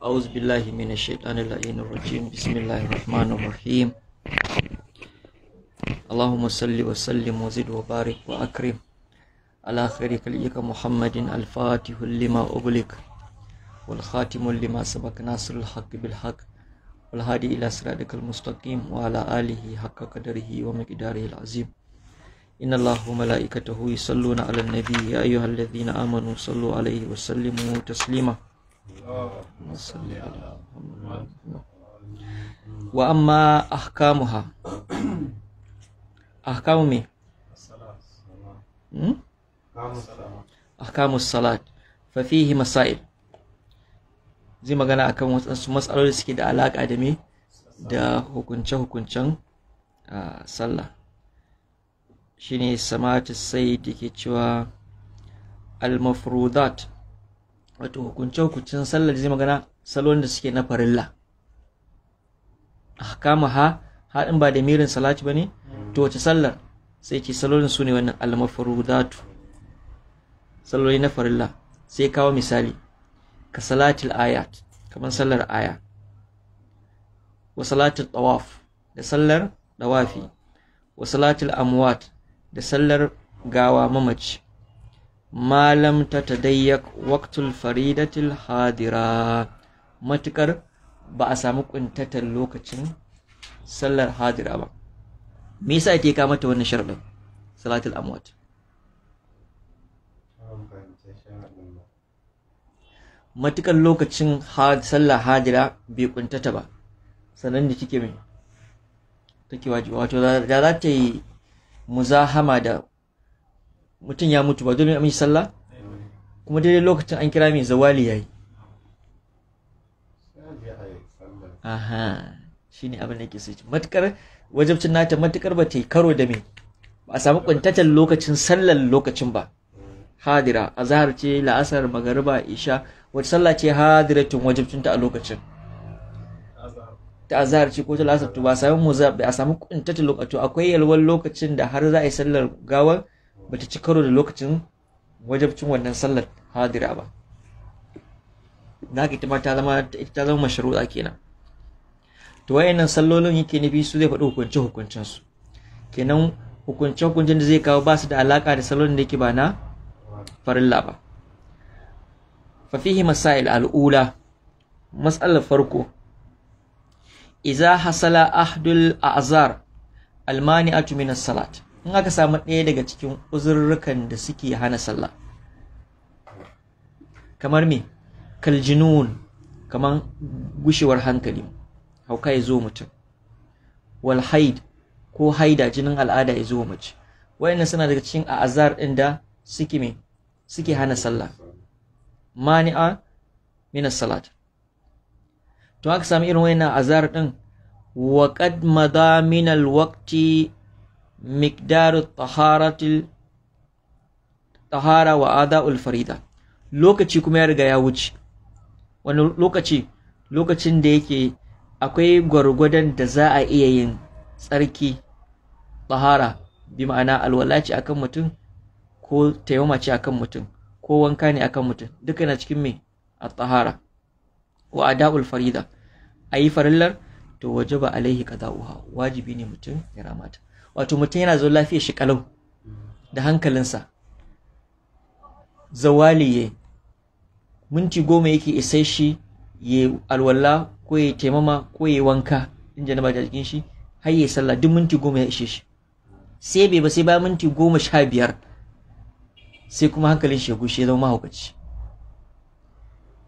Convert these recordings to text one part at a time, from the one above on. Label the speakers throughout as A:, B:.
A: أعوذ بالله من الشيطان اللعين الرجيم بسم الله الرحمن الرحيم اللهم صل وسلم وزد وبارك وأكرم على خير خليك محمد الفاتح لما أغلق والخاتم لما سبق ناصر الحق بالحق والهادي إلى صراطك المستقيم وعلى آله حق قدره ومقداره العظيم إن الله وملائكته يصلون على النبي يا أيها الذين آمنوا صلوا عليه وسلموا تسليما wa amma ha, ahkamu me ahkamu salat fa fihi masail zai magana akan wasu matsaloli suke da alaƙa da me da hukunce-hukuncen sallah shine samatu sai da ke cewa al-mafrudat wato hukunce hukuncin sallar zai magana salon da suke na farilla kama ha haɗin ba da mirin salati ba ne to wace sallar sai ce salon su ne wannan almafarudatu saloli na farilla sai kawo misali ka salatil ayat kamar sallar aya wa salatil tawaf da sallar dawafi wa salatil amwat da sallar gawa mamaci ma lam tatadayyak waqtul faridatil hadira matukar ba a samu kuntatar lokacin sallar hadira ba me yasa yake ka mata wannan sharadin salatul amwat matukar lokacin sallar hadira bai kuntata ba sanan da kike mai take wajibi wato da za ta yi muzahama da mutum ya mutu ba dole a sallah kuma daidai lokacin an kira mai zawali yayi aha shine abin da ke so matukar wajabcin nata matukar ba ta yi karo da me ba a samu kwantatan lokacin sallar lokacin ba hadira azhar ce la'asar magariba isha wata sallah ce hadiratun wajibcin ta a lokacin ta azhar ce ko ta la'asar to ba a samu muzab ba a samu kwantatan lokacin akwai yalwar lokacin da har za a yi sallar gawar Ba ta ci karo da lokacin wajabcin wannan sallar hadira ba na ita ma ta zama ta zama Da kenan to wayannan sallolin yake nufi su zai faɗi hukunce hukuncen su kenan hukunce hukuncen da zai kawo ba su da alaka da sallolin da yake ba na farilla ba fa fihi masail al'ula mas'alar farko iza hasala ahdul a'zar Almani min as-salat in aka samu ɗaya daga cikin uzurrukan da suke hana sallah kamar me kaljinun kamar gushewar hankali hauka ya zo mutum Walhaid ko haida jinin al'ada ya zo mace wayannan suna daga cikin a'azar ɗin da suke me suke hana sallah mani'a minas salat to aka samu irin wayannan azar ɗin wa qad madaminal waqti miqdaru taharatil tahara wa ada'ul farida lokaci kuma ya riga ya wuce wani lokaci lokacin da yake akwai gwargwadon da za a iya yin tsarki tahara bi ma'ana alwalaci akan mutum ko taimamaci akan mutum ko wanka ne akan mutum duka na cikin me a tahara wa ada'ul farida a yi farillar to wajaba alaihi qada'uha wajibi ne mutum ya ramata wato mutum yana zo lafiya shi kalau da hankalinsa zawali ya minti goma yake isai shi ya alwala ko ya taimama ko ya wanka in jana ba jikin shi har ya sallah duk minti goma ya ishe shi sai bai ba sai ba minti goma sha biyar sai kuma hankalin shi ya gushe zama mahaukaci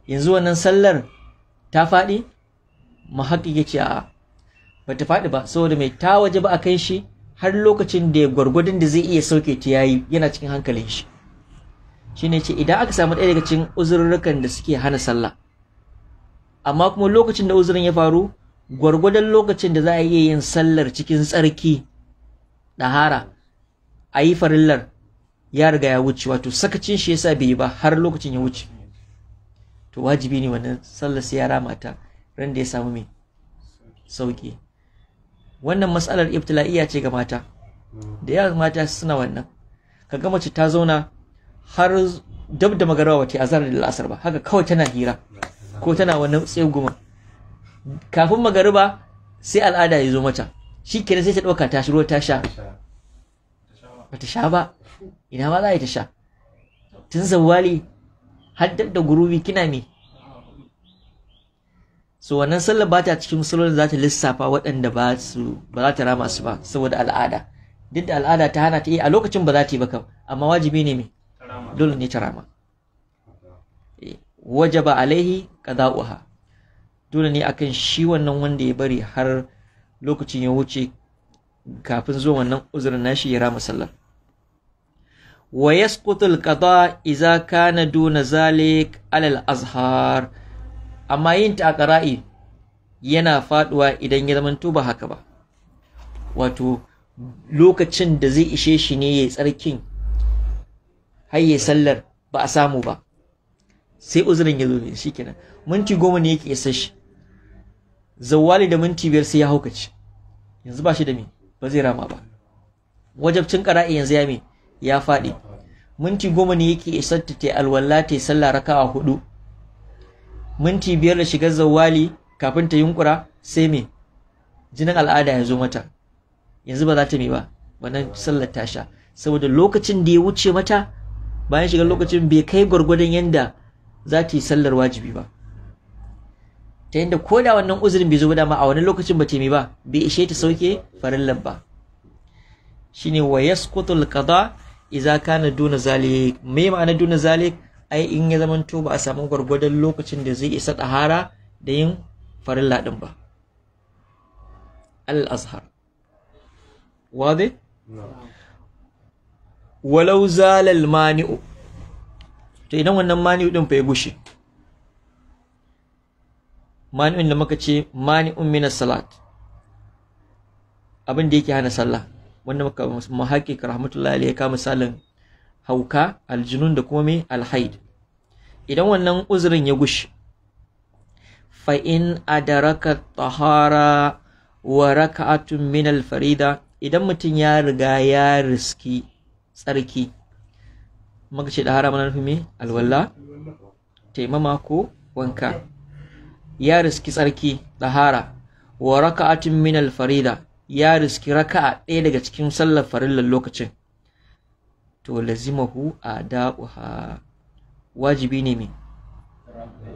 A: yanzu wannan sallar ta faɗi mahaƙi ya ce a'a ba ta faɗi ba saboda mai ta waje ba a kai shi har lokacin da gwargwadon da zai iya sauke ta yayi yana cikin hankalin shi shine ce idan aka samu ɗaya daga cikin uzurrukan da suke hana sallah amma kuma lokacin da uzurin ya faru gwargwadon lokacin da za a iya yin sallar cikin tsarki ɗahara a yi farillar ya riga ya wuce wato sakacin shi yasa bai yi ba har lokacin ya wuce to wajibi ne wannan sallar sai ya ramata ran da ya samu mai sauki wannan matsalar iftila'iya ce ga mata da yawan mata suna wannan kaga mace ta zauna har dab da magarawa ta zarar da la'asar ba haka kawai tana hira ko tana wannan tseguma kafin magariba sai al'ada ya zo mata shi kenan sai ta ɗauka ta shiro ta sha ba ta sha ba ina ma za a yi ta sha tun zawali har dab da gurubi kina me so wannan sallar ba ta cikin musulun za ta lissafa waɗanda ba su ba za ta rama su ba saboda al'ada duk da al'ada ta hana ta yi a lokacin ba za ta yi ba kam amma wajibi ne me dole ne ta rama e, wajaba alaihi uha dole ne akan shi wannan wanda ya bari har lokacin ya wuce kafin zuwa wannan uzurin nashi ya rama sallar wa yasqutu qada kana duna zalik alal azhar amma yin ta a ƙara'i yana faɗuwa idan ya zamanto ba haka ba wato lokacin da zai ishe shi ne ya tsarkin hayye sallar ba a samu ba sai uzurin ya zo ne shi kenan minti goma ne yake isa shi zawali da minti biyar sai ya haukace yanzu ba shi da me ba zai rama ba wajabcin ƙara'i yanzu ya me ya faɗi minti goma ne yake isar ta alwala ta sallah raka'a hudu minti biyar da shigar zawali kafin ta yunkura sai me jinin al'ada ya zo mata yanzu ba za ta me ba wannan sallar ta sha saboda lokacin da ya wuce mata bayan shigar lokacin bai kai gwargwadon yanda za ta yi sallar wajibi ba ta yadda ko da wannan uzurin bai zo ba dama a wani lokacin ba ta me ba bai ishe ta sauke farillar ba shine wa yaskutul qada idza kana duna zalik me ma'ana duna zalik ai in ya zama ba a samu gwargwadon lokacin da zai isa ɗahara da yin farilla ɗin ba al-azhar wade? walau zalal mani'u to idan wannan mani'u ɗin fa ya gushe mani'un da muka ce mani'un mina salat abin da yake hana sallah wanda muka muhakkik rahmatullahi ya kama misalin hauka aljinun da kuma mai alhaid idan wannan uzurin ya gushi fa in adaraka tahara wa raka'atun min alfarida idan mutum ya riga ya riski tsarki maka ce da haramun nufi me alwala taimama ko wanka ya riski tsarki tahara wa raka'atun min alfarida ya riski raka'a ɗaya daga cikin sallar farillar lokacin to lazimahu ada'uha wajibi ne me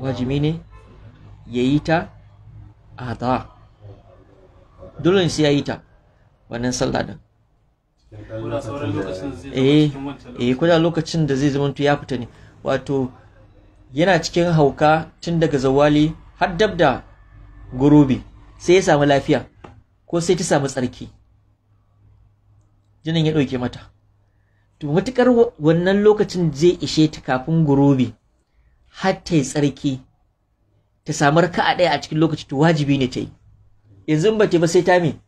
A: wajibi ne yayi ta ada dole ne sai yi ta wannan sallah din
B: eh eh koda
A: lokacin da zai zama ya fita ne wato yana cikin hauka tun daga zawali har dab da gurubi sai ya samu lafiya ko sai ta samu tsarki jinin ya ɗauke mata to matukar wannan lokacin zai ishe ta kafin gurobi har ta yi tsarki ta samu a ɗaya a cikin lokaci to wajibi ne ta yi yanzu ba ta ba sai ta me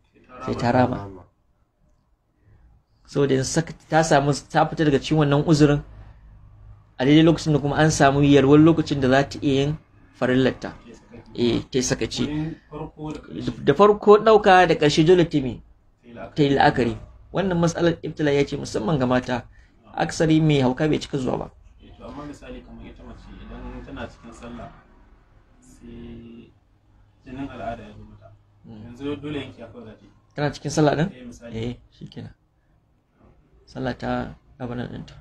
A: sai ta rama da yanzu ta samu ta fita daga cikin wannan uzurin a daidai lokacin da kuma an samu yarwar lokacin da za ta iya yin farillarta eh ta sakaci da farko ɗauka da ƙarshe dole ta yi la'akari wannan matsalar ibtila ya ce musamman ga mata aksari mai hauka bai cika zuwa ba
B: eh, to amma misali kamar ita mace idan tana cikin sallah sai jinin al'ada ya zo mata hmm. yanzu dole yanki akwai zafi
A: tana cikin sallah din eh, eh shikenan sallah ta gabanin ɗinta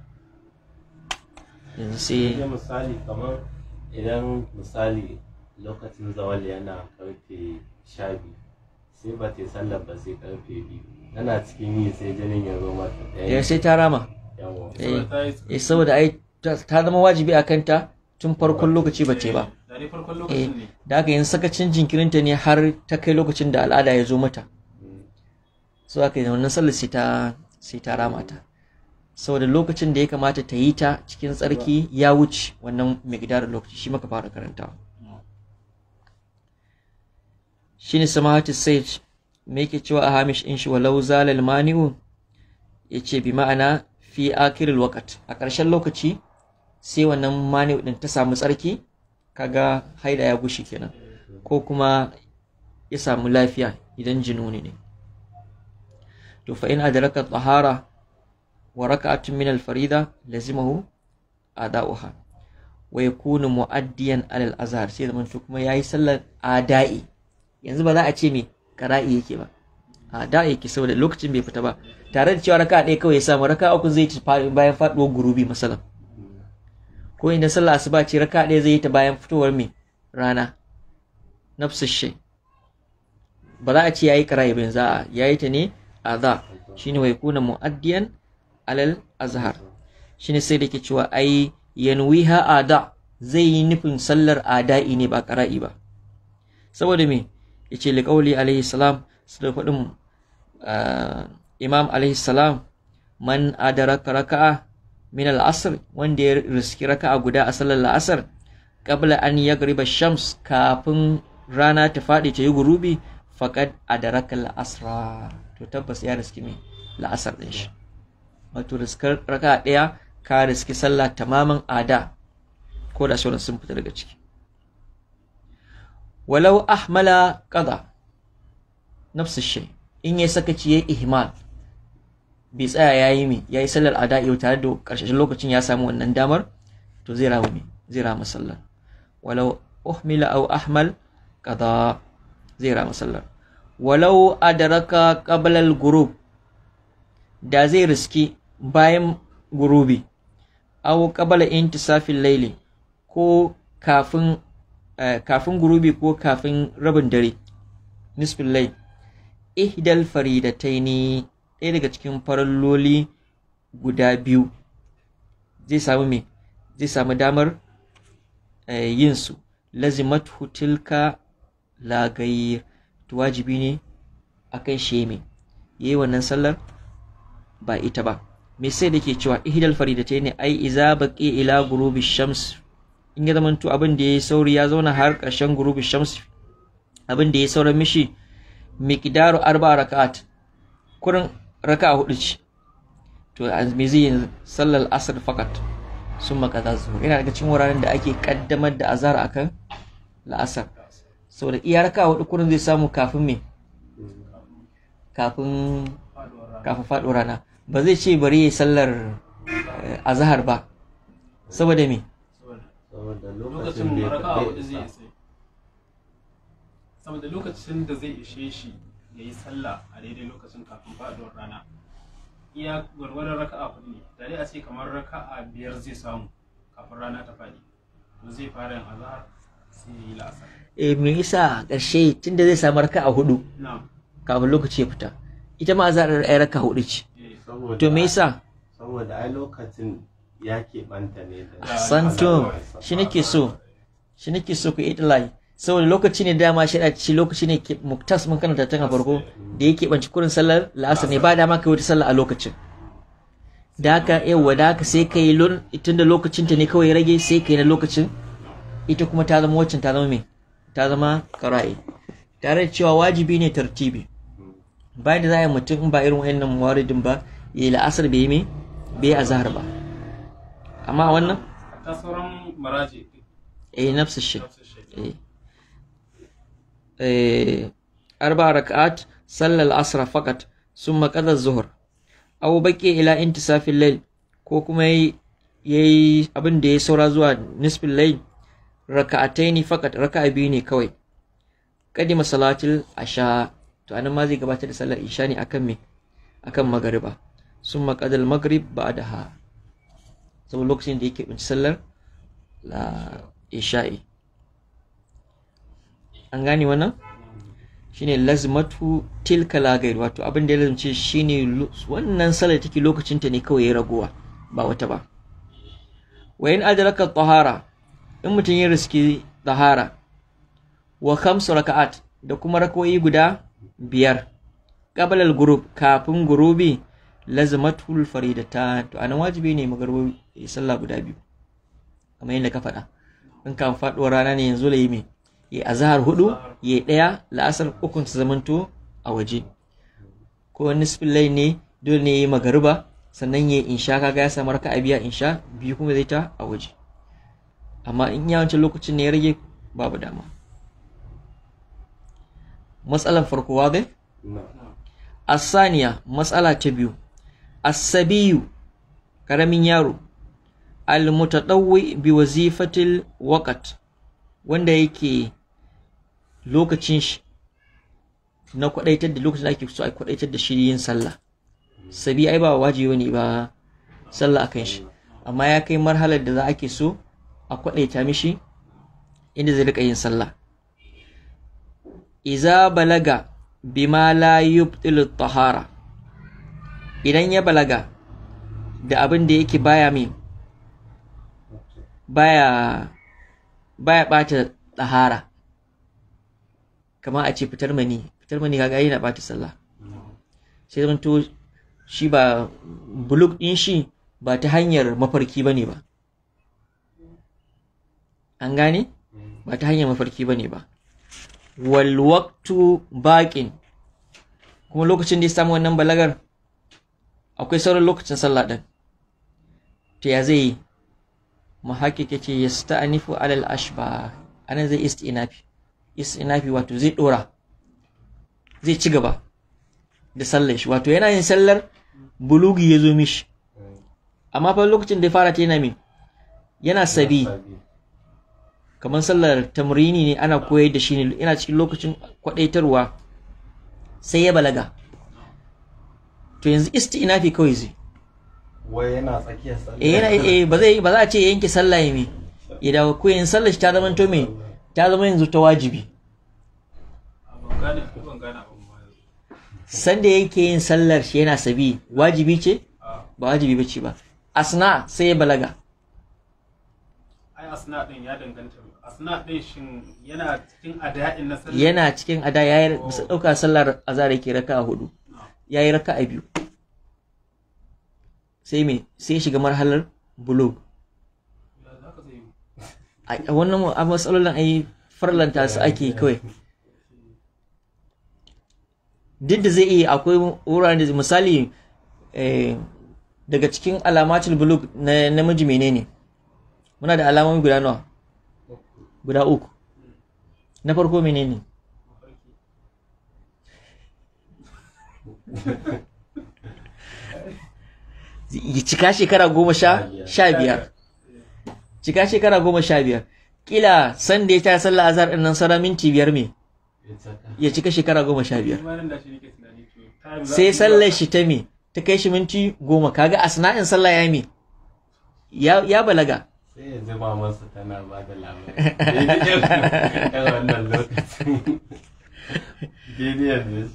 A: yanzu sai misali
B: kamar idan misali lokacin zawal yana karfe 12. sai ba ta sallar ba sai karfe biyu tana cikin yi sai jinin ya zo mata ɗaya sai ta rama eh, eh
A: saboda ai ta zama wajibi a kanta tun farkon lokaci ba ce ba eh, da aka yin sakacin jinkirinta ne har ta kai lokacin da al'ada ya zo mata hmm. so aka yi wannan sallar sai ta ta rama ta saboda lokacin da ya kamata ta yi ta cikin tsarki ya wuce wannan migdar lokaci shi maka fara karantawa shine samahati sage me yake cewa a hamish in shi walau zalal mani'u yace bi ma'ana fi kirin wakat a ƙarshen lokaci sai wannan mani'u ɗin ta samu tsarki kaga haida ya gushi kenan ko kuma ya samu lafiya idan jinuni ne to fa in adraka tahara wa raka'atun min al-farida lazimahu ada'uha wa yakunu mu'addiyan alal azhar sai zaman kuma yayi sallar ada'i yanzu ba za a ce me kara'i yake ba a da yake saboda lokacin bai fita ba tare da cewa raka ɗaya kawai ya samu raka uku zai ci bayan faɗuwar gurubi masalan ko inda sallah asuba ce raka ɗaya zai yi ta bayan fitowar me rana nafsu shi ba za a ce yayi kara'i ba yanzu a yayi ta ne a za shine wai kuna mu'addiyan alal azhar shine sai da ke cewa ai yanwiha ada zai yi nufin sallar ada'i ne ba kara'i ba saboda me yace li qawli alaihi salam da faɗin imam alaihi salam man adaraka raka'a min al-asr wanda ya riski raka'a guda a sallar la'asar qabla an yagriba shams kafin rana ta faɗi ta yi gurubi faqad adaraka al-asra to tabbas ya riski me la'asar din shi wato riskar raka'a ɗaya ka riski sallah tamamin ada ko da sauran sun fita daga ciki walau ahmala qada nafsu shay in yayi sakaci yayi ihmal bai tsaya yayi ya yi sallar ada'i tare da karshen lokacin ya samu wannan damar to zai rawo me zai rama sallar walau uhmila aw ahmal qada zai rama sallar walau adaraka qabla Gurub, da zai riski bayan gurubi aw qabla intisafil layli ko kafin Eh, kafin gurubi ko kafin rabin dare nisfin lai ihdal faridataini ɗaya daga cikin faralloli guda biyu zai samu me zai samu damar eh, yin su lazimat hutilka lagayir to wajibi ne akan sheme yi wannan sallar ba ita ba me sai da ke cewa ihdal ne ai iza baƙi ila gurubi shams in ya to abin da ya yi sauri ya zauna har ƙarshen gurubi shamsi abin da ya yi sauran mishi mikidaru arba raka'at kurin raka'a hudu ce to me zai yi sallar asr fakat sun za su yana daga cikin wuraren da ake kaddamar da azhar akan la'asar saboda iya raka hudu kurin zai samu kafin me kafin kafin faɗo rana ba zai ce bari ya sallar eh, azahar ba saboda me
B: saboda lokacin a zai isa lokacin da zai ishe shi ya yi sallah a daidai lokacin kafin faɗuwar rana iya gwargwadon raka'a kudu ne tare a ce kamar raka'a biyar zai samu kafin rana ta faɗi to zai fara yin azahar sai ya yi la'asar
A: eh, me yasa ƙarshe tun da zai samu raka'a hudu kafin lokaci ya fita ita ma azhar ai raka hudu ce eh. to me yasa
B: saboda ai lokacin ya keɓanta ne da ah, santo shi
A: nake so shi nake so ku idlai saboda lokaci ne dama shi da ci lokaci ne ke muktas mun kana tun a farko da ya keɓanci kurin sallar la'asar ne ba dama ka wata sallar a lokacin da haka yawa da haka sai ka yi tun da lokacin ta ne kawai rage sai ka yi na lokacin ita kuma ta zama waccan ta zama me ta zama kara'i tare da cewa wajibi ne tartibi bayan da za a yi mutum ba irin wa'annan muwaridin ba ya yi la'asar bai yi me bai azahar ba amma wannan
B: ta sauran maraji
A: eh nafsu shi eh. eh arba rak'at sallal asra faqat summa qada zuhur aw baqi ila intisafil layl ko kuma yayi abin da ya saura zuwa nisfil layl ne, faqat raka'a biyu ne kawai kadi masalatil asha to anan ma zai gabatar da sallar isha ne akan me akan magariba summa ba maghrib ba'daha saboda lokacin da yake bin sallar la isha'i an gane wannan shine lazmatu tilka lagayar wato abin da ya lazumce shine wannan sallar take lokacin ta ne kawai ya ragowa ba wata ba wa in adraka tahara in mutum ya riski tahara wa khamsu raka'at da kuma rakoyi guda biyar qabla al-ghurub kafin gurubi lazmatul faridata to anan wajibi ne magarba ya sallah guda biyu kamar yadda ka faɗa in kan faɗuwar rana ne yanzu la yi ya azhar hudu ya ɗaya la'asar ukun zamanto a waje ko nisfin lai ne dole ne ya yi magariba sannan ya insha kaga ya samu raka biya insha biyu kuma zai ta a waje amma in yawancin lokacin ne ya rage babu dama matsalan farko wa wadai asaniya matsala ta biyu asabiyu karamin yaro al bi wazifatil wakat wanda yake lokacin shi na kwadaitar da lokacin da ake so a kwadaitar da shi yin sallah sabi ai ba waje ne ba sallah akan shi amma ya kai marhalar da za ake so a kwadaita mishi inda zai rika yin sallah iza balaga bima la yubtilu tahara idan ya balaga da abin da yake baya mai baya baya ɓata tsahara kama a ce fitar mani fitar mani kaga yana ɓata sallah sai to shi ba buluk ɗin shi ba ta hanyar mafarki ba ne ba an gane ba ta hanyar mafarki ba ne ba walwaktu baƙin kuma lokacin da ya samu wannan balagar akwai sauran lokacin sallah din to ya zai ce ya yace yasta'nifu alal ashba ana zai inafi. istinafi inafi wato zai dora zai ci gaba da sallar shi wato yana yin sallar bulugi ya zo mishi amma fa lokacin da ya fara ta yana me yana sabi kamar sallar tamrini ne ana koyar da shi ne Ina cikin lokacin kwadaitarwa sai ya balaga to yanzu isti'nafi kawai zai
B: wai yana tsakiyar sallah eh,
A: eh ba zai ba za a ce yanke sallah ya me ya dawo ko yin sallah ta zama to me ta zama yanzu ta wajibi sanda yake yin sallar shi yana sabi wajibi ce ba wajibi ba ce ba asna sai ya balaga
B: asna din ya danganta asna din shin yana cikin ada'in na sallar yana
A: cikin ada ya dauka sallar azhar ke, raka hudu ya yi a biyu sai me sai shiga marhalar bulog a wannan matsalolin yi farlanta su ake kawai duk da zai iya akwai wuraren misali eh, daga cikin alamacin Bulog na namiji menene muna da alamomi guda nawa guda uku na farko menene cika shekara goma sha sha biyar cika shekara goma sha biyar kila san da ya ta sallah azar ɗin nan sara minti biyar me ya cika shekara goma sha biyar
B: sai sallar
A: shi ta me ta kai shi minti goma kaga sana'in sallah ya me ya balaga
B: sai yanzu mamansa tana ba da labarai daidai yanzu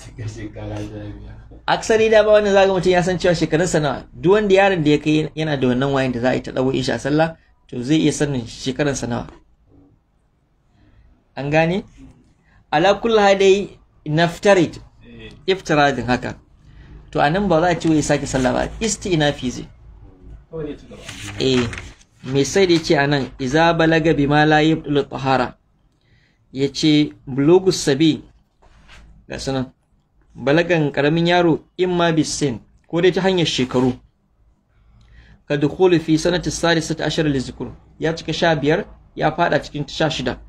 B: cika shekara
A: da ba wannan zaga mutum ya san cewa shekarun sana duk wanda yaron da ya kai yana da wannan wayan da za a yi ta dawo isha sallah to zai iya sanin shekarun sana. an gane ala kullu hadai naftarid eh. iftiradin haka to anan ba za a ce wai sake sallah ba istinafi zai eh me sai da yace anan iza balaga bima la yabdul tahara ya ce blogus sabi ga sanan balagan karamin yaro in ma bisin ko dai ta hanyar shekaru ka dukulu fi sanati sadisat ashar lizikur ya cika sha biyar ya fada cikin sha shida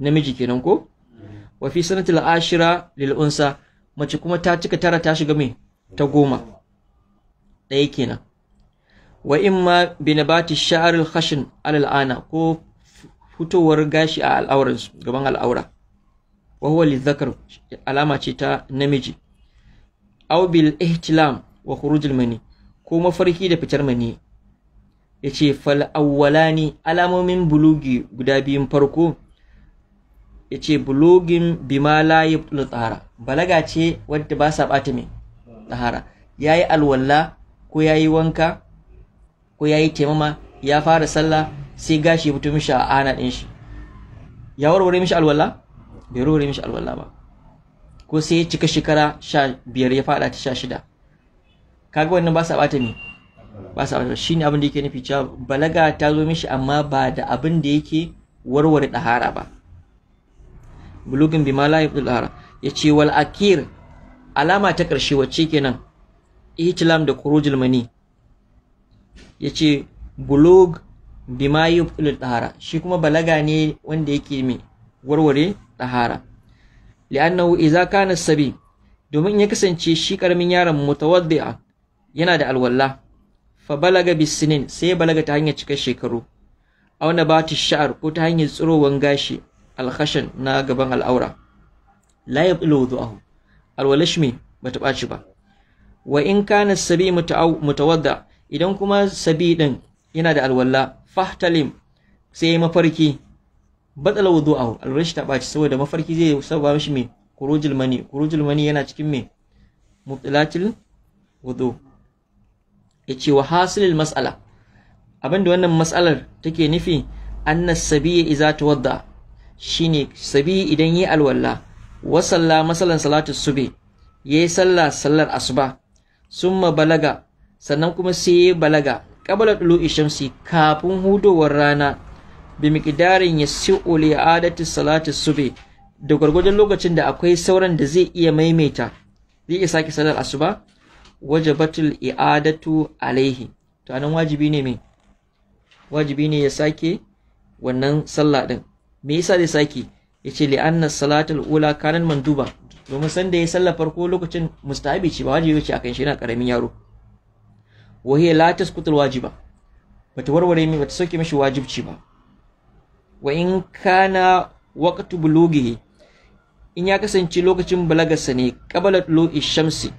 A: namiji kenan ko wa fi sanata ashira lil unsa mace kuma ta cika tara ta shiga mai ta goma ɗaya kenan wa imma bi nabati sha'ar al khashin al ko fitowar gashi a al'auransu gaban al'aura wahuwa lizakar alama ce ta namiji aw bil ihtilam wa khurujul mani ko mafarki da fitar mani yace fal awwalani alamomin bulugi guda biyun farko yace bulugin bima la yabtul tsara balaga ce wadda ba sa bata mai Ya yayi alwalla ko yayi wanka ko yayi taimama ya fara sallah sai gashi ya fito mishi a ana ɗin shi ya warware mishi alwala bai warware mishi alwala ba ko sai ya cika shekara sha biyar ya fada ta sha shida kaga wannan ba sa bata me ba sa bata shine abin da yake nufi cewa balaga ta zo mishi amma ba da abin da yake warware ɗahara ba bulugin bima la ɗahara ya ce wal akir alama ta ƙarshe wacce kenan ihtilam da khurujul mani ce, bulug bima yubtilu tahara shi kuma balaga ne wanda yake mai warware tahara li'annahu idza kana sabi domin ya kasance shi karamin yaron mutawaddi'a yana da alwala fa balaga bisinin sai balaga ta hanyar cikar shekaru aw nabati sha'ar ko ta hanyar tsirowan gashi alkhashan na gaban al'aura la yablu wudu'ahu alwalashmi bata ɓaci ba wa in kana sabi mutawadda idan kuma sabi din yana da alwala fahtalim sai mafarki batsal wudu'ahu alwalashi ta ɓaci saboda mafarki zai saba mishi mai kurujul mani kurujul mani yana cikin mai mutlatil wudu ya ce wa hasilil mas'ala abinda wannan matsalar take nufi anna sabiya iza tawadda shine sabi idan yi alwala wa salla masalan salatu sube yayi sallah sallar asuba summa balaga sannan kuma sai balaga qabla tulu'i shamsi kafin hudowar rana bi ya yasi'u li adati salati subi da gwargwadon lokacin da akwai sauran da zai iya maimaita zai iya sake salar asuba wajabatul i'adatu alaihi to anan wajibi ne me wajibi ne ya sake wannan sallah din me yasa zai sake yace li anna salatul ula kanan manduba domin sanda ya sallah farko lokacin mustahabi ce ba wajibi ce akan shi na karamin yaro Wahi hiya la tasqutul wajiba bata warware mi bata soke mishi wajibci ba wa in kana waqtu bulughihi in ya kasance lokacin balagarsa ne qabala tulu'i shamsi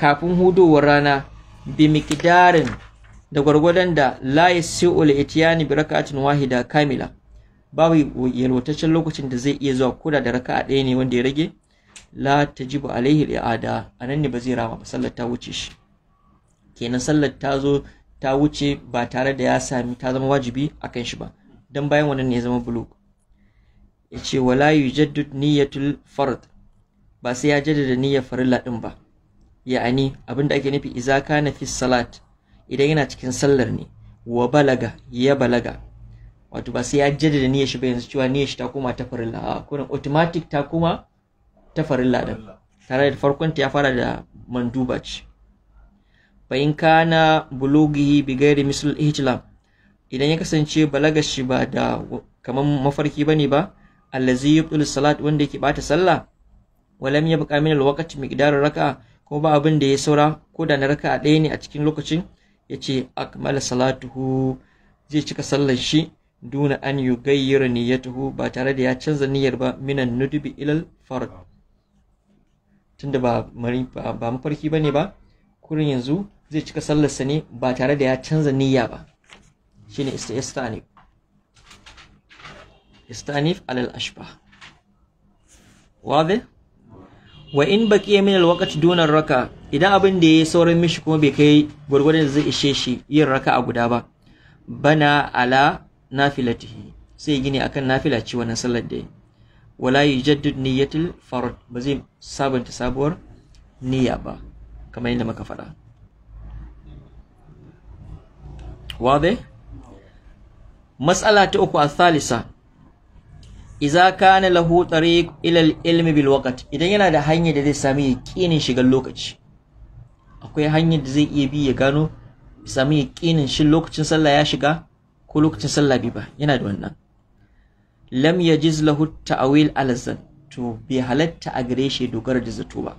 A: kafin hudowar rana bi miqdarin da gwargwadon da la yasi'u itiyani bi rakatin wahida kamila babu yalwataccen lokacin da zai iya zuwa koda da raka'a ɗaya ne wanda ya rage la tajibu alaihi al'ada anan ne ba zai rama ba sallar ta wuce shi kenan sallar ta zo ta wuce ba tare da ya sami ta zama wajibi a kan shi ba don bayan wannan ne ya zama bulug ya ce wala jaddud niyyatul fard ba sai ya jaddada niyyar farilla din ba ya'ani abinda ake nufi idza kana fi salat idan yana cikin sallar ne wa balaga ya balaga wato ba sai ya jaddada niyyar shi ba yanzu cewa niyyar shi ta koma ta farilla a kuma automatic ta koma ta farilla din tare da farkon ta ya fara da manduba ce fa in kana bulughihi bi ghairi misl ihtilam idan ya kasance balagar shi ba da kamar mafarki bane ba allazi yubtul salat wanda yake bata sallah walam yabqa min alwaqti miqdar raka? ko ba abin da ya saura ko da na raka'a ɗaya ne a cikin lokacin yace akmal salatuhu zai cika sallar shi duna an yugayyira niyyatuhu ba tare da ya canza niyyar ba minan nudbi ilal fard tunda ba ba mafarki bane ba kurin yanzu zai cika sallarsa ne ba tare da ya canza niyya ba ne istanif istanif alal ashba wadda wa in ya min wakati duna raka idan abin da yayi saurin mishi kuma bai kai gurgurdan zai ishe shi yin raka a guda ba bana ala nafilatihi sai gini akan nafila ci wannan sallar da wala yujaddid niyyatul farad ba zai sabanta sabuwar niyya ba kamar yadda muka faɗa wadai matsala ta uku a thalisa iza kana lahu tariq ila ilmi bil waqt idan yana da hanyar da zai sami yakinin shigar lokaci akwai hanyar da zai iya bi ya gano sami yakinin shin lokacin sallah ya shiga ko lokacin sallah bai ba yana da wannan lam yajiz lahu ta'wil al to bai halatta a gare shi dogara da zato ba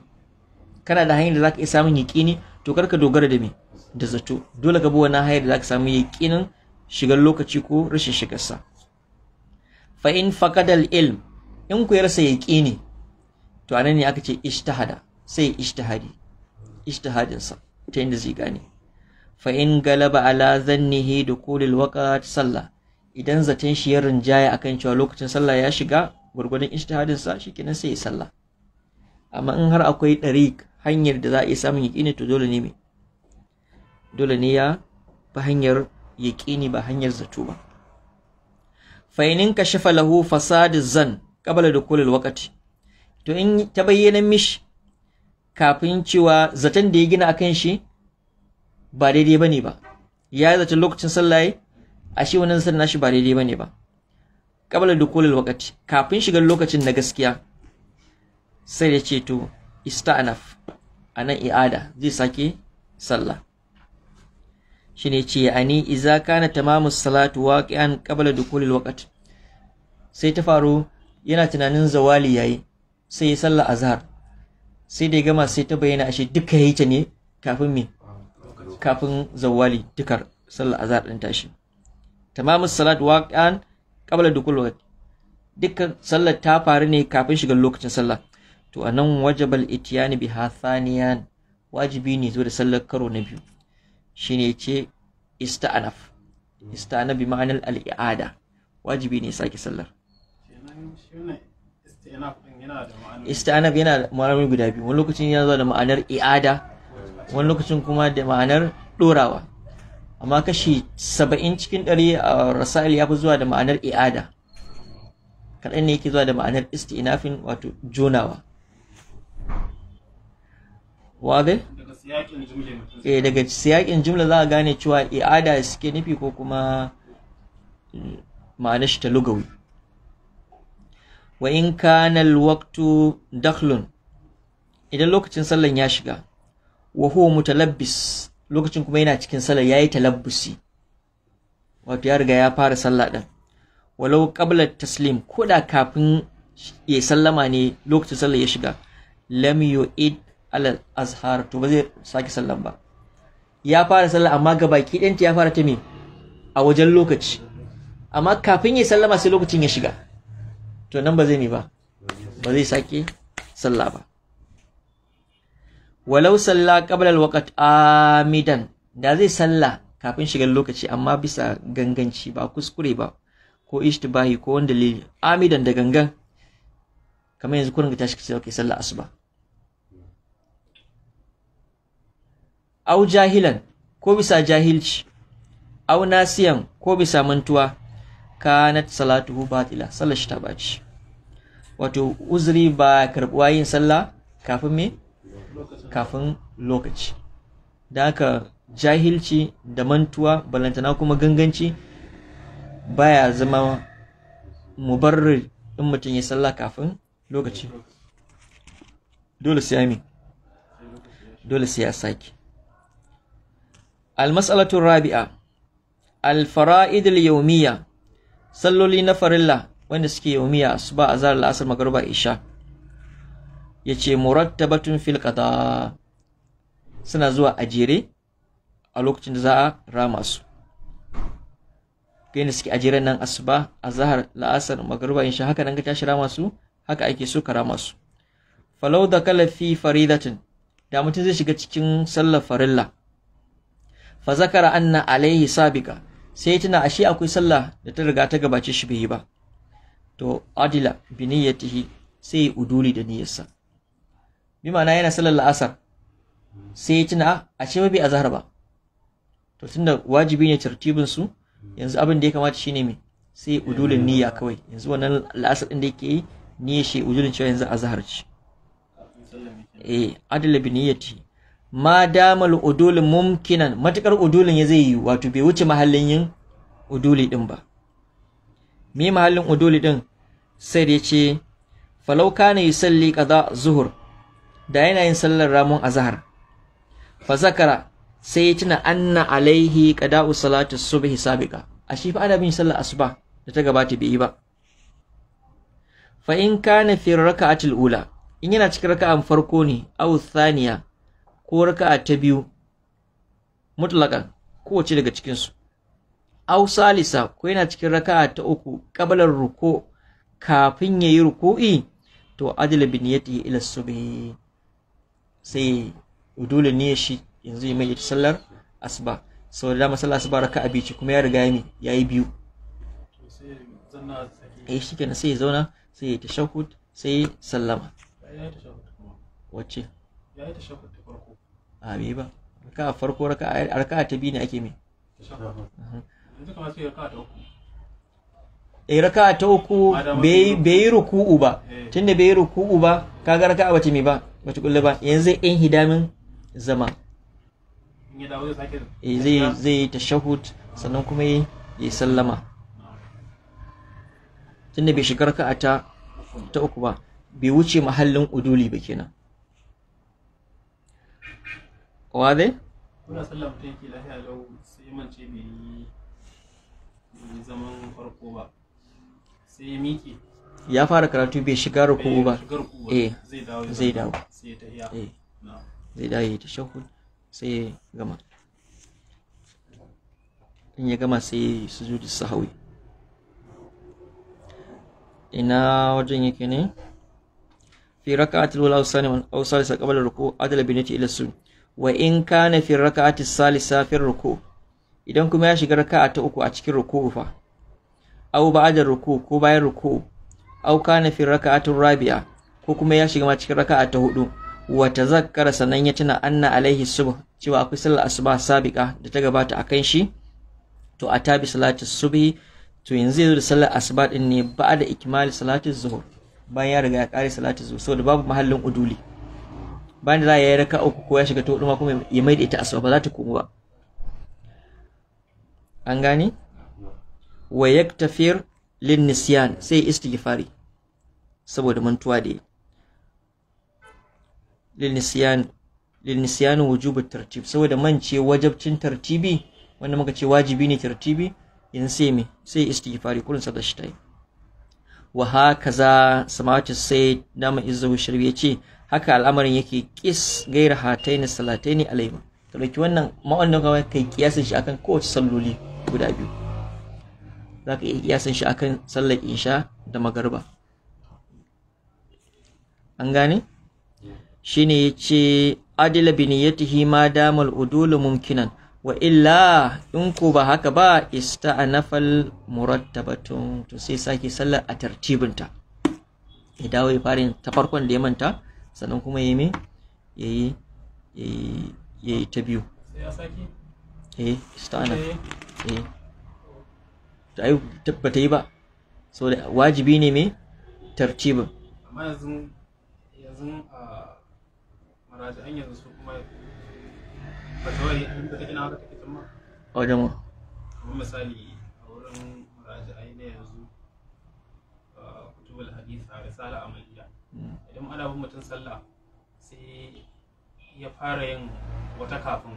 A: kana da hanyar da zaka iya samun yaƙini to karka dogara da me da zato dole ka bi wani hanyar da zaka samu yaƙinin shigar lokaci ko rashin shigarsa fa in faqadal ilm in ku yarsa yaƙini to anan ne aka ce Ishtahada, sai ishtihadi sa ta inda zai gane fa in galaba ala zannihi dukulil waqat sallah idan zaton shi ya rinjaya akan cewa lokacin sallah ya shiga gwargwadon ishtihadin sa shikenan sai ya sallah amma in har akwai dariq hanyar da za a iya samun yaƙini to dole ne dole ne ya ba hanyar yaƙini ba hanyar zato ba fainin ka shafa lahu fasadi zan da dukhul waqti to in ta bayyana mishi kafin cewa zaton da ya gina akan shi ba daidai bane ba ya zaton lokacin sallah a shi wannan sannan shi ba daidai bane ba da dukhul waqti kafin shigar lokacin na gaskiya sai ya ce to istanaf a nan i'ada zai sake sallah shi ne ce ani iza kana tamamu salatu waqi'an qabla dukulil waqt sai ta faru yana tunanin zawali yayi sai ya sallah azhar sai da ya gama sai ta bayyana ashe duka yayi ta ne kafin me kafin zawali dukar sallah azhar din tashi tamamu salatu waqi'an qabla dukulil waqt dukkan sallar ta faru ne kafin shigar lokacin sallah to anan wajabal itiyani bi thaniyan wajibi ne zo da sallar karo na biyu shine yace ista'anaf ista'ana bi ma'anar al'i'ada wajibi ne sake sallar anaf yana da ma'anar guda biyu wani lokacin yana zuwa da ma'anar i'ada wani lokacin kuma da ma'anar dorawa amma kashi saba'in cikin ɗari a rasail ya fi zuwa da ma'anar i'ada kaɗan ne yake zuwa da ma'anar isti'inafin wato jonawa wade? daga siyakin jimla eh, za a gane cewa i'ada suke nufi ko kuma eh, ma'ana shi ta lugawi wa in kana alwaqtu dakhlun idan lokacin sallan ya shiga wa huwa mutalabbis lokacin kuma yana cikin sallar yayi talabbusi wato ya riga ya fara sallah din walau qabla taslim ko da kafin ya sallama ne lokacin sallar ya shiga lam yu'id al azhar to ba zai sallan ba ya fara sallah amma ga baki ɗanta ya fara ta me a wajen lokaci amma kafin ya sallama sai lokacin ya shiga to nan ba zai mi ba ba zai sake sallah ba walau salla qabla waqt amidan da zai salla kafin shigar lokaci amma bisa ganganci ba kuskure ba ko ishtibahi ko wani dalili amidan da gangan kamar yanzu kurin ga tashi kai sallah asuba au jahilan ko bisa jahilci au nasiyan ko bisa mantuwa kanat salatuhu batila sallar shi ta baci wato uzuri ba karbuwa yin sallah kafin me kafin lokaci da haka jahilci da mantuwa balantana kuma ganganci baya zama mubarri in mutum ya sallah kafin lokaci dole sai dole sai ya sake almasalatu rabi'a alfara'id yaumiya salloli na farilla wanda suke yaumiya asuba azhar al'asr magruba isha yace murattabatun fil qada suna zuwa a jere a lokacin da za a rama su kai suke ajiyar jere nan asuba zahar la'asar magruba insha haka nan ka tashi rama su haka ake so ka rama su falau da kalafi fi faridatin da mutum zai shiga cikin sallar farilla fa zakara anna alaihi Sabika sai tuna ashe akwai sallah da ta riga ta gabace shi bai yi ba to adila bi niyyatihi sai uduli da niyyarsa bi ma'ana yana sallar la'asar sai ya tuna ah, ashe bai azhar ba to tunda wajibi ne tartibin su yanzu abin da ya kamata shine me sai udulin niyya kawai yanzu wannan la'asar din da yake yi niyyar shi udulin cewa yanzu azhar ci eh adila bi niyyatihi ma damal udulin mumkinan matukar udulin ya zai yi wato bai wuce mahallin yin uduli din ba me mahallin uduli din sai da ce falau kana yusalli qada zuhur da yana yin sallar ramun azhar fa zakara sai ya tuna anna alaihi qada salatu subhi sabiqa a shi fa ana bin sallar asuba da ta gabata bai yi ba fa in kana fi raka'atil ula in yana cikin raka farko ne aw thaniya ko raka'a ta biyu mutlaqan kowace daga cikinsu aw salisa ko yana cikin raka'a ta uku ƙabalar Ruko kafin ya yi ruku'i to ajla bi niyyati ila subhi sai dole ne shi yanzu ya mai sallar asuba sau da masallar asuba raka'a biyu ce kuma ya riga ya yi biyu eh shi kenan sai ya zauna sai ya tashahud sai sallama wacce ya yi tashahud a ba raka farko raka raka ta biyu ne ake mai a raka ta uku eh, bai yi ruku'u ba eh. tunda bai yi ruku'u ba kaga raka a mai ba bace kulle ba yanzu in hidamin zama
B: eh,
A: zai yi yi shahud sannan kuma yi yi sallama tunda bai shiga raka a ta uku ba bai wuce mahallin uduli ba kenan wa dai
B: kuna sallah mutum yake lafiya lau sai mance bai yi zaman farko ba sai ya miƙe
A: ya fara karatu bai shiga ruku ba eh zai dawo sai ya tafiya eh, zai dawo ya tashahhud sai ya gama in ya gama sai su sujudu sahawi ina wajen yake ne fi raka'atul ula usani wal awsal sa qabla ruku adala binati ila sujud wa in kana fi raka'ati salisa fi ruku idan kuma ya shiga raka'a ta uku a cikin ruku fa aw da ruku ko bayan ruku aw kana fi tun rabi'a ko kuma ya shiga ma cikin raka'a ta hudu wa tazakkara sannan ya tuna anna alaihi subh cewa akwai sallar asuba sabiqa da ta gabata akan shi to a tabi salati subhi to yanzu yanzu da sallar asuba din ne ba da ikmali salati zuhur bayan ya riga ya kare salati zuhur saboda babu mahallin uduli bayan za a yi raka uku ko ya shiga ta ma kuma ya mai da ita asuba ba za ta komo ba an gane wa ya lin nisyan sai istighfari saboda mantuwa da lin nisyan lin nisyan wujubu tartib saboda mance wajabcin tartibi wanda muka ce wajibi ne tartibi yanzu sai me sai istighfari kullun sada da shi tai wa hakaza samatu sai dama izu shirbi yace haka al'amarin yake kis gaira hataini salataini alaima Ta dauki wannan ma'aunin kawai kai kiyasin shi akan kowace salloli guda biyu za ka iya kiyasin shi akan sallar isha da magarba an gane shine yace adila bi niyyatihi ma damal udulu mumkinan wa illa in ko ba haka ba Ista a ista'anafal murattabatun to sai sake sallar a tartibinta ya dawo ya fara ta farkon da ya manta sannan kuma ya yi ya yi ya yi ta biyu eh istana eh. eh to ai tabbata yi ba so da wajibi ne mai tarci ba
B: amma yanzu yanzu a ah, marajin yanzu su kuma ba ta tawari inda ta gina haka take tsamma a wajen ma kuma misali a wurin marajin na yanzu ah, kutubul hadith a risala amal idan ana bin mutum sallah sai ya fara yin wata kafin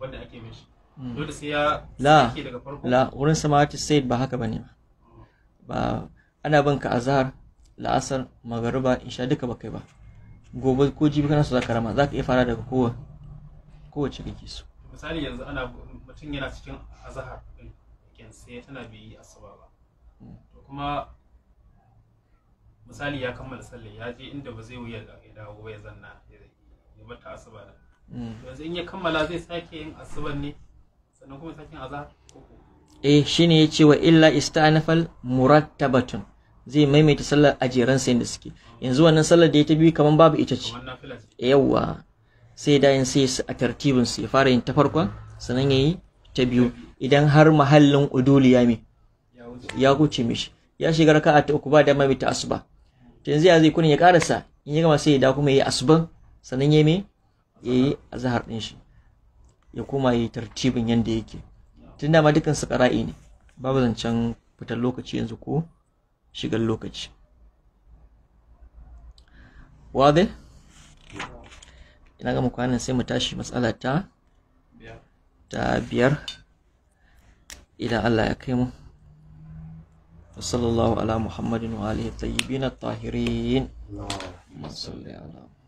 B: wanda ake mishi hmm. dole sai ya
A: sake daga farko la wurin samawati said ba haka bane ba ana bin ka azhar la'asar magariba isha duka ba kai ba gobe ko jibi kana so zaka rama zaka iya fara daga kowa kowace kake so
B: misali yanzu ana mutum yana cikin azhar din sai tana bi asuba ba hmm. kuma misali ya kammala sallah ya je inda ba zai wuya ya dawo ba ya zanna ya bata asuba da mm. yanzu in ya kammala zai sake yin asuban ne sannan kuma sake yin azhar
A: eh shine ce wa illa istanafal murattabatun zai maimaita sallar ajeran sai da suke yanzu wannan sallar da ya ta biyu kamar babu ita ce yawa sai da yin sai a tartibin su ya fara yin ta farkon sannan yayi ta biyu idan har mahallin uduli ya ya wuce mishi ya shiga raka'a ta uku ba da maimaita asuba to yanzu ya zai kunin ya karasa in ya gama sai ya da kuma ya yi asuban sannan ya me ya yi azahar ɗin shi ya koma ya yi tartibin yadda yake tun dama dukkan su ƙara'i ne babu zancen fitar lokaci yanzu ko shigar lokaci Wabe. ina gama kwanan sai mu tashi matsala ta biyar idan allah ya kai mu وصلى الله على محمد وآله الطيبين الطاهرين اللهم صل على محمد